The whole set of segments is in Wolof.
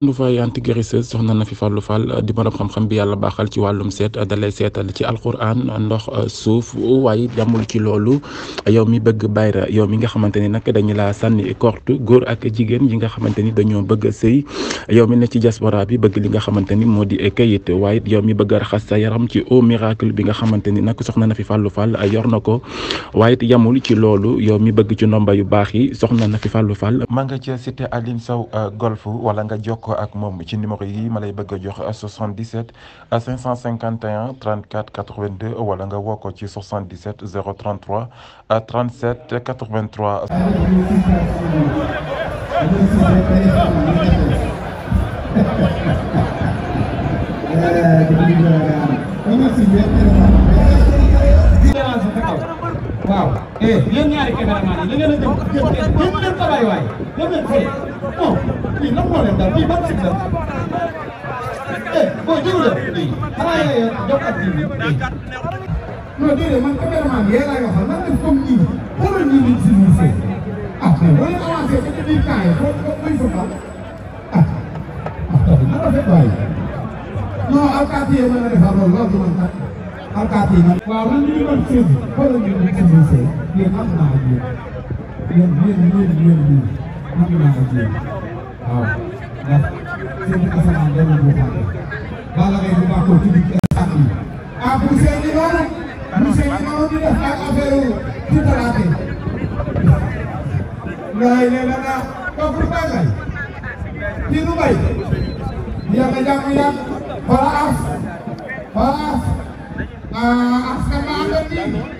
lu fay anti guérisseuse soxna na fi fàllu fal euh, di borom xam-xam bi yàlla baaxal ci wàllum seet euh, dalay seetal ci alquran euh, ndox suuf waaye yamul ci loolu yaw mi bëgg bayra yow mi nga xamante ni nag dañu laa sànni korte góor ak jigéen yi nga xamante ni dañoo bëgg a sëy yow mi ne ci diaspora bi bëgg li nga xamante ni moo di kayit waaye yow mi bëgg a raxas sa yaram ci au miracle bi nga xamante ni nag soxna na fi fàllu fal yor na ko waaye yamul ci loolu yow mi bëgg ci ndomba yu baax yi soxna na fi fàllu fal ma nga ci jokkoo ak moom ci numéro yi ma lay bëgg a jox 77 551 34 82 wala nga woo ko ci 77 033 37 83. waaw eh yéen ñaari caméraman yi li ngeen a jëm jëm leen tabaay waay jëm leen fee lii lan moo leen daal lii ban sikk la eh booy déglu de lii xanaa yéen a jox ak jiw bi non déedéet man cameraman bi yéen a yoo xam man def comme nii xoolal nii nii si biir see ah mais boo leen avancé ba ci biir temps yi foo ko muy fotal ah wax dëgg man rafet waaye non alkaati yi mën a defar loolu loolu du man kat alkaati yi man waaw man lii man sébi xoolal nii nii si biir see yéen am naa ak yéen yéen yéen yéen yéen am naa ak yéen waaw ndax seen asamaan dana ko fàtte. Balla Gaye bu baaxoo ci digg stade bi. ah bu seen i noonu. bu seen i noonu ñu def ak affaire ci talaate. ngay leen a naa kooku Balla ci nu bay. yàgg a jàmm yàgg. xoolal as. xoolal as. ah as kan la àndal nii.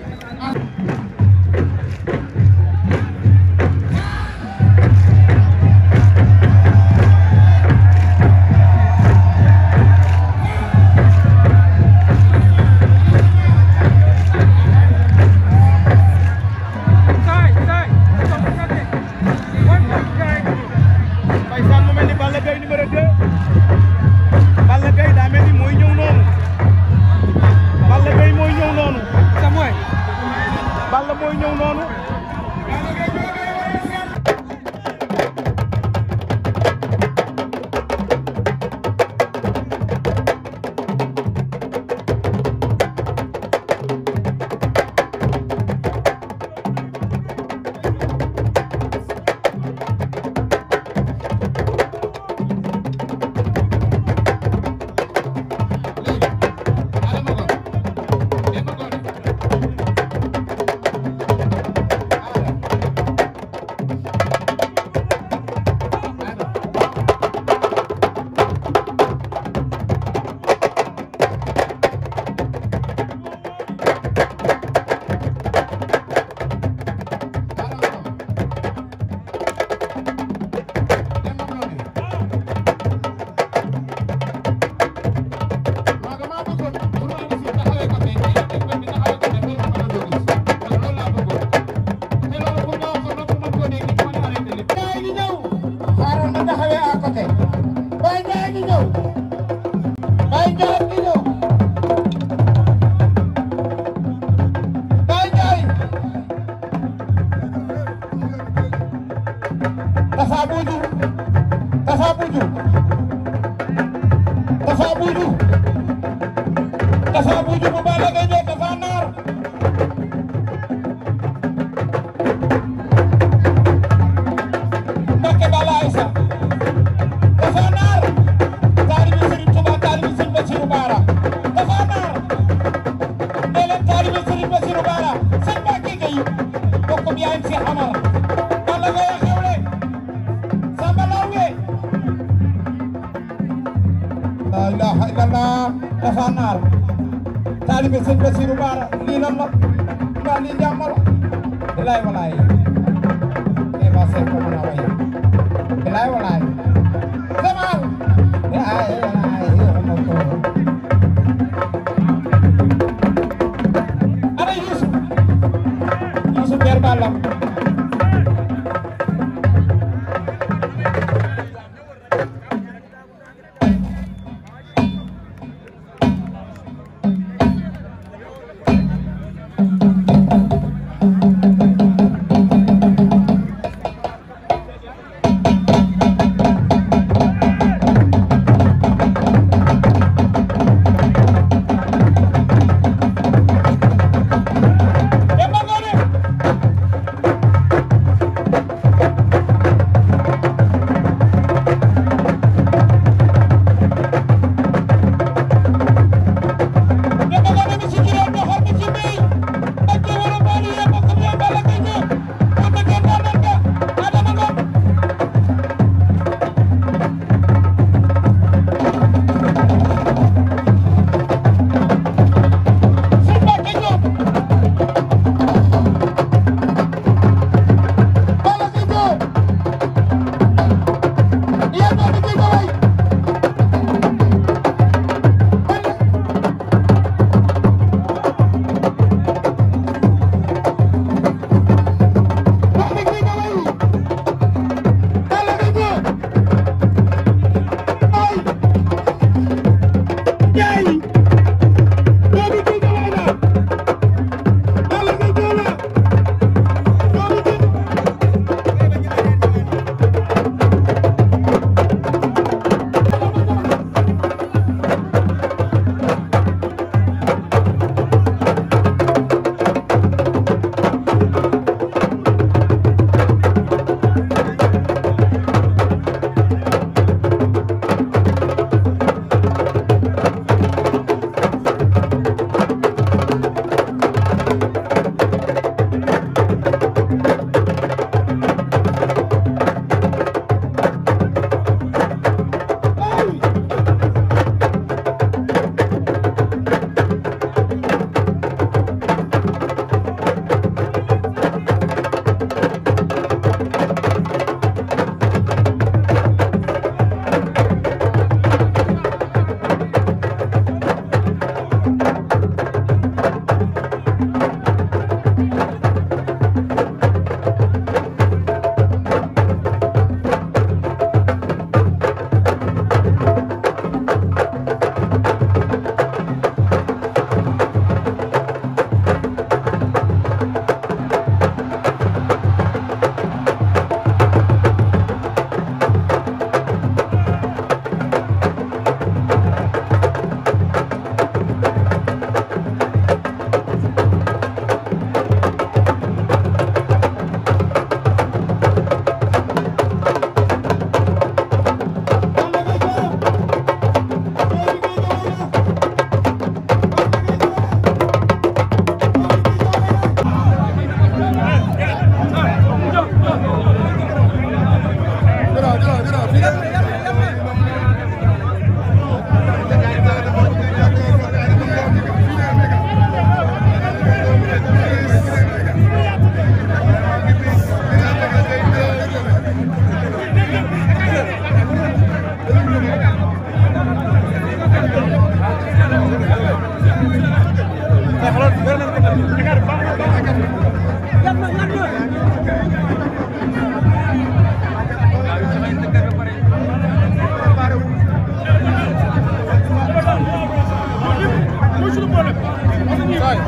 buju tafa buju tafa buju tafa buju bu Balla Gaye lii lan la mbaa lii jàmm la walaay walaay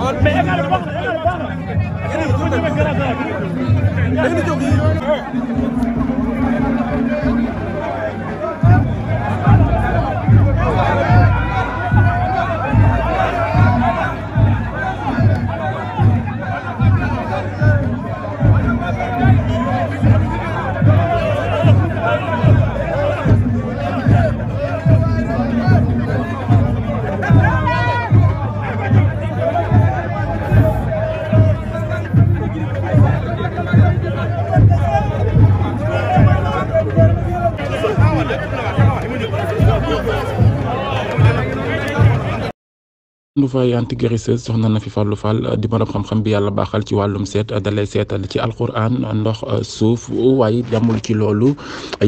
Thank you. Nouveaux antiguérisseuses soxna na fi fàllu fàll di borom xam-xam bi yàlla baaxal ci wàllum seet dalay seetal ci alquran ndox suuf waaye yamul ci loolu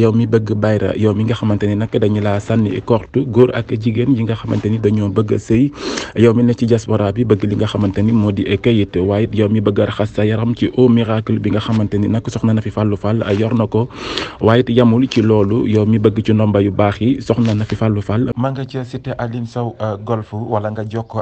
yow mi bëgg bayra yow mi nga xamante ni nag dañu laa sànni korte góor ak jigéen yi nga xamante ni dañoo bëgg a sëy yow mi ne ci diaspora bi bëgg li nga xamante ni moo di kayit waaye yow mi bëgg a raxas sa yaram ci eau miracle bi nga xamante ni nag soxna na fi fal fàll yor na ko waaye yamul ci loolu yow mi bëgg ci ndomba yu baax soxna na fi fàllu fàll. ma nga ca cité Aline Sow euh, golf wala nga jokk